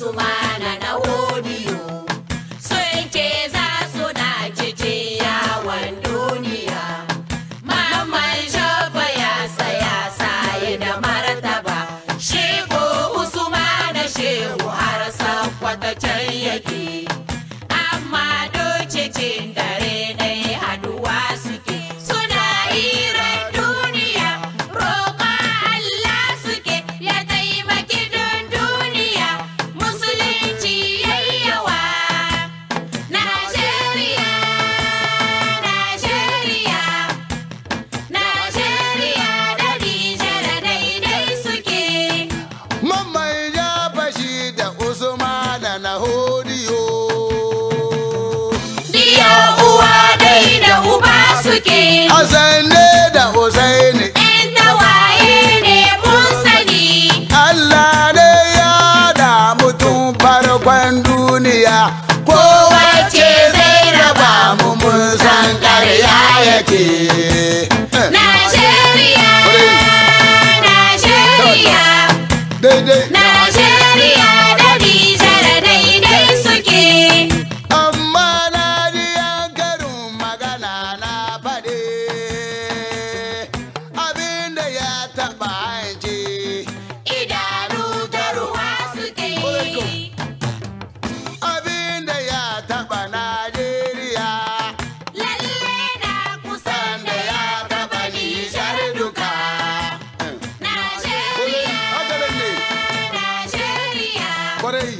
su mana na hodiyo sun ce za su dace ce yawon duniya mamman shafa ya saya saye da martaba shego usmana shehu har sakwata can yake amma doce da zane da Hussaini. Ina waye ne mun Allah ne ya damu tun farkon duniya. Kowace zai raba mu mun san ƙarya yake. Hey.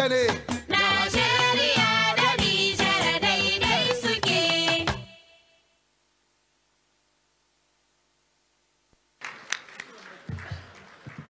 année.